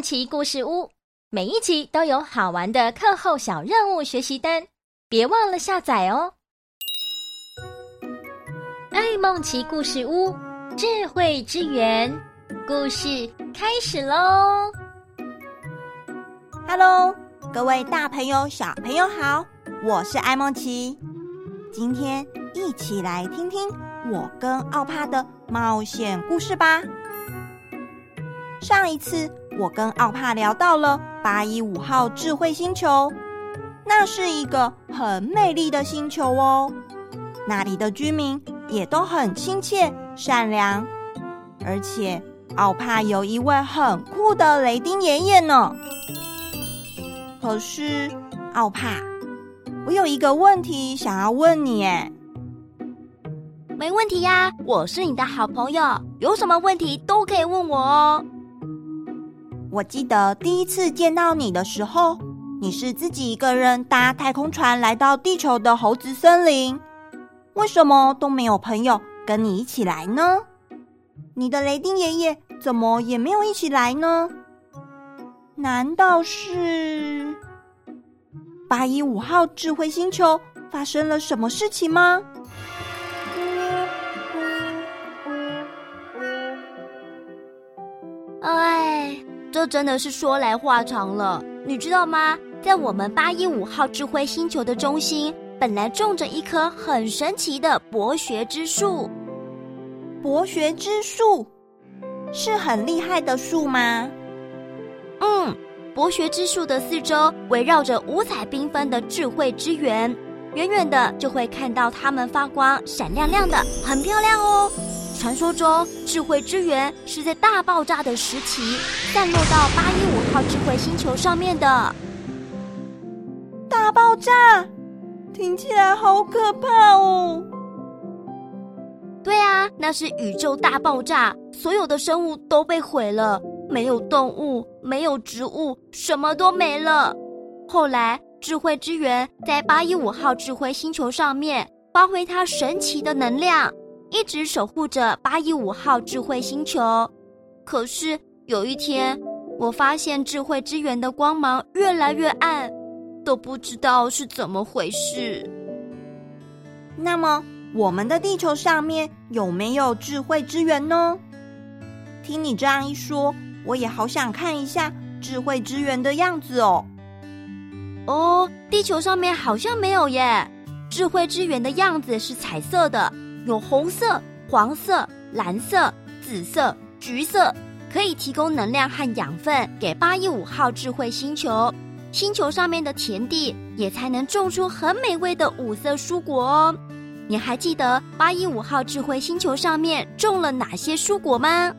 奇故事屋，每一集都有好玩的課後小任務學習單，別忘了下載哦。愛孟奇故事屋，智慧之源，故事開始嘍！哈嘍，各位大朋友小朋友好，我是愛孟奇。今天一起來聽聽我跟奧帕的冒險故事吧。上一次。我跟奧帕聊到了八一五號智慧星球，那是一個很美麗的星球哦。那裡的居民也都很親切、善良，而且奧帕有一位很酷的雷丁爺爺呢。可是，奧帕，我有一個問題想要問你，哎，沒問題呀，我是你的好朋友，有什麼問題都可以問我哦。我記得第一次見到你的時候，你是自己一個人搭太空船來到地球的猴子森林。為什麼都沒有朋友跟你一起來呢？你的雷丁爺爺怎麼也沒有一起來呢？難道是八一五號智慧星球發生了什麼事情嗎？這真的是說來話長了，你知道嗎？在我們八一五號智慧星球的中心，本來種着一棵很神奇的博學之樹。博學之樹是很厲害的樹嗎？嗯，博學之樹的四周圍繞着五彩繽紛的智慧之源，遠遠的就會看到它們發光，閃亮亮的，很漂亮哦。傳說中，智慧之源是在大爆炸的時期散落到八一五號智慧星球上面的。大爆炸聽起來好可怕哦。對啊，那是宇宙大爆炸，所有的生物都被毀了，沒有動物，沒有植物，什麼都沒了。後來，智慧之源在八一五號智慧星球上面發揮它神奇的能量。一直守護着815號智慧星球，可是有一天，我發現智慧之源的光芒越來越暗，都不知道是怎麼回事。那麼，我們的地球上面有沒有智慧之源呢？聽你這樣一說，我也好想看一下智慧之源的樣子哦。哦，地球上面好像沒有耶。智慧之源的樣子是彩色的。有紅色、黃色、藍色、紫色、橘色，可以提供能量和養分給八一五號智慧星球。星球上面的田地也才能種出很美味的五色蔬果哦。你還記得八一五號智慧星球上面種了哪些蔬果嗎？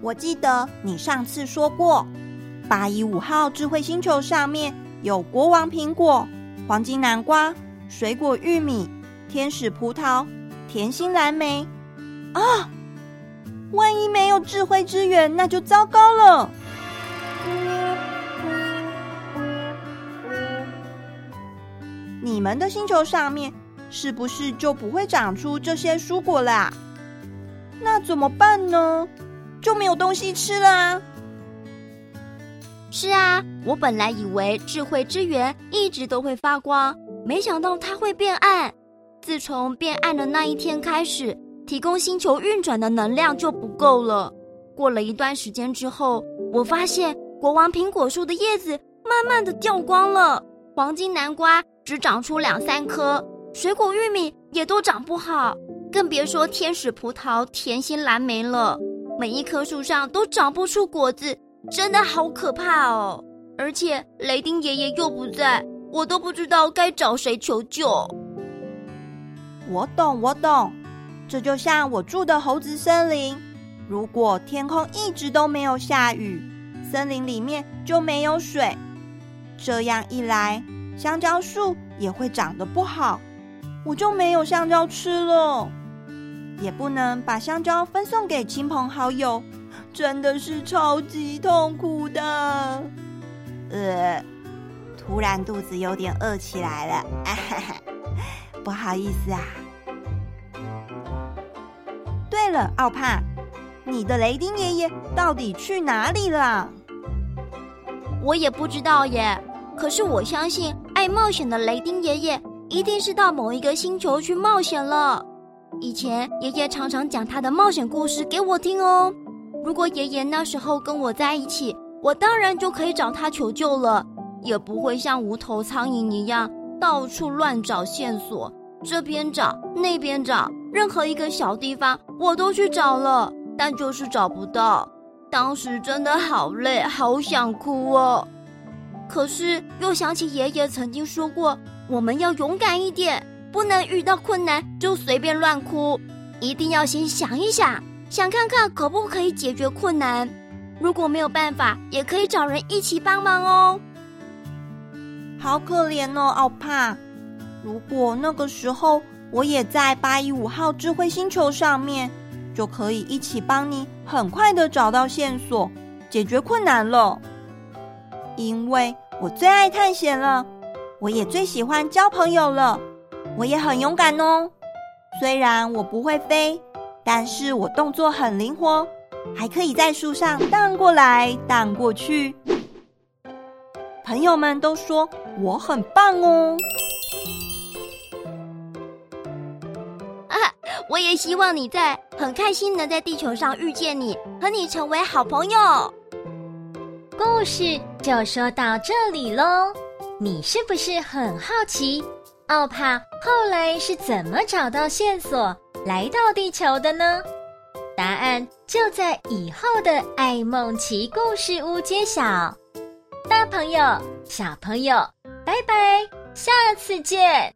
我記得你上次說過，八一五號智慧星球上面有國王蘋果、黃金南瓜、水果玉米、天使葡萄。甜心藍莓啊！萬一沒有智慧之源，那就糟糕了。你們的星球上面是不是就不會長出這些蔬果啦？那怎麼辦呢？就沒有東西吃了啊。是啊，我本來以為智慧之源一直都會發光，沒想到它會變暗。自從變暗的那一天開始，提供星球運轉的能量就不夠了。過了一段時間之後，我發現國王蘋果樹的葉子慢慢地掉光了，黃金南瓜只長出兩三顆，水果玉米也都長不好，更別說天使葡萄、甜心藍莓了。每一棵樹上都長不出果子，真的好可怕哦！而且雷丁爺爺又不在，我都不知道該找誰求救。我懂，我懂。這就像我住的猴子森林，如果天空一直都沒有下雨，森林裡面就沒有水。這樣一來，香蕉樹也會長得不好，我就沒有香蕉吃了，也不能把香蕉分送給親朋好友，真的是超級痛苦的。呃，突然肚子有點餓起來了。啊哈哈不好意思啊。對了，奧帕，你的雷丁爺爺到底去哪裡了？我也不知道耶。可是我相信，愛冒險的雷丁爺爺一定是到某一個星球去冒險了。以前爺爺常常講他的冒險故事給我聽哦。如果爺爺那時候跟我在一起，我當然就可以找他求救了，也不會像無頭蒼蠅一樣到處亂找線索。這邊找，那邊找，任何一個小地方我都去找了，但就是找不到。當時真的好累，好想哭哦。可是又想起爺爺曾經說過，我們要勇敢一點，不能遇到困難就隨便亂哭，一定要先想一想，想看看可不可以解決困難。如果沒有辦法，也可以找人一起幫忙哦。好可憐哦，奧帕。如果那個時候我也在八一五號智慧星球上面，就可以一起幫你很快地找到線索，解決困難了。因為我最愛探險了，我也最喜歡交朋友了，我也很勇敢哦。雖然我不會飛，但是我動作很靈活，還可以在樹上盪過來盪過去。朋友們都說我很棒哦。我也希望你在，很開心能在地球上遇見你，和你成為好朋友。故事就說到這裡嘍，你是不是很好奇奧帕後來是怎麼找到線索來到地球的呢？答案就在以後的《愛孟奇故事屋》揭曉。大朋友、小朋友，拜拜，下次見。